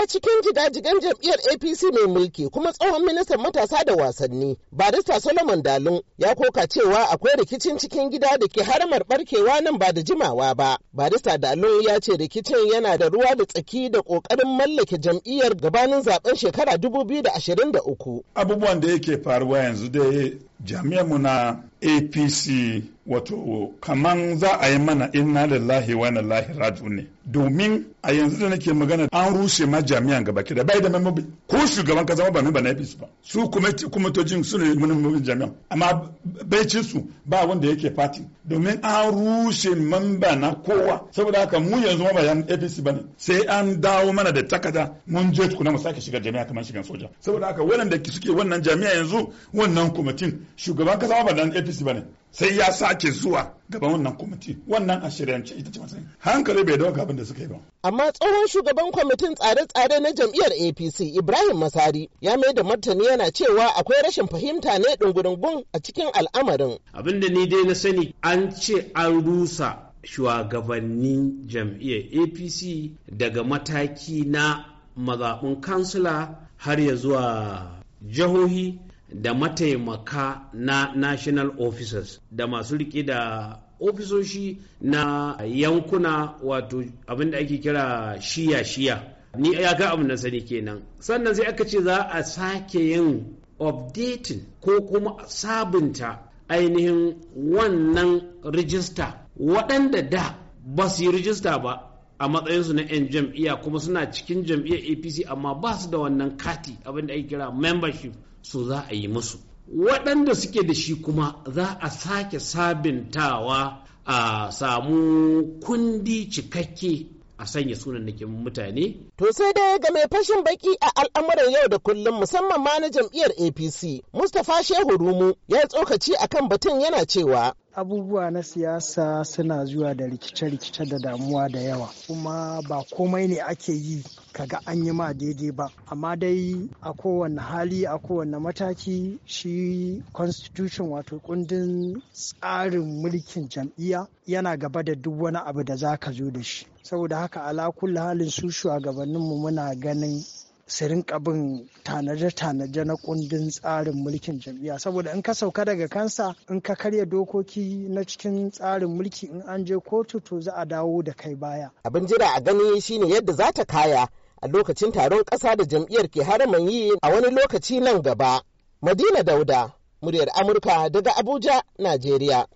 ɗaya cikin jigajigan jam'iyyar APC mai mulki kuma tsohon ministan matasa da wasanni barista Solomon Dalun ya koka cewa akwai rikicin cikin gida da ke haramar barkewa nan ba da jimawa ba. Barista Dalun ya ce rikicin yana da ruwa da tsaki da kokarin mallake jam'iyyar gabanin zaben shekara da uku. Abubuwan da yake faruwa yanzu dai jami'anmu na apc wato kaman za a yi mana inna lillahi wa inna ilaihi raji'un ne domin a yanzu da nake magana an rushe ma jami'an ke da bai da membobi ko shugaban kasa ba memba na APC ba su kumitojin su ne membobin jami'an amma bai su ba wanda yake fati domin an rushe memba na kowa saboda haka mu yanzu ma ba yan APC ne sai an dawo mana da takada mun je tukuna mu sake shiga jami'a kamar shigan soja saboda haka wannan da suke wannan jami'a yanzu wannan kwamitin shugaban kasa ba dan APC ne. sai ya sake zuwa gaban wannan kwamiti wannan a ita ce matsayin hankali bai dauka abin da suka yi ba. amma tsohon shugaban kwamitin tsare-tsare na jam'iyyar apc ibrahim masari ya mai da martani yana cewa akwai rashin fahimta ne ɗungurungun a cikin al'amarin. abin da ni dai na sani an ce an rusa shugabannin jam'iyyar apc daga mataki na mazaɓin kansila har ya zuwa jihohi da mataimaka na national officers da masu riƙe da ofisoshi na yankuna wato abinda ake kira shiya-shiya ni ya ga abin da sani kenan sannan sai aka ce za a sake yin updating ko kuma sabunta ainihin wannan rijista waɗanda da ba su yi rijista ba a matsayinsu na 'yan jam'iyya kuma suna cikin jam'iyyar apc amma ba su da wannan kati abin da ake kira membership su za a yi musu waɗanda suke da shi kuma za a sake sabintawa a samu kundi cikakke a sanya sunan da mutane. To sai dai ga mai fashin baki a al'amuran yau da kullum musamman ma na jam'iyyar APC, Mustapha Shehu Rumu ya tsokaci akan batun yana cewa abubuwa na siyasa suna zuwa da rikice-rikice da damuwa da yawa kuma ba komai ne ake yi kaga an yi ma daidai ba amma dai a kowane hali a kowane mataki shi constitution wato kundin tsarin mulkin jam'iyya yana gaba da duk wani abu da za ka zo da shi saboda haka ala kulli halin su shugabanninmu muna ganin su rinka bin tanaje-tanaje na kundin tsarin mulkin jam'iyya saboda in ka sauka daga kansa in ka karya dokoki na cikin tsarin mulki in an je kotu to za a dawo da kai baya abin jira a gani shine yadda za ta kaya a lokacin taron ƙasa da jam'iyyar ke haraman yi a wani lokaci nan gaba madina dauda muryar amurka daga abuja najeriya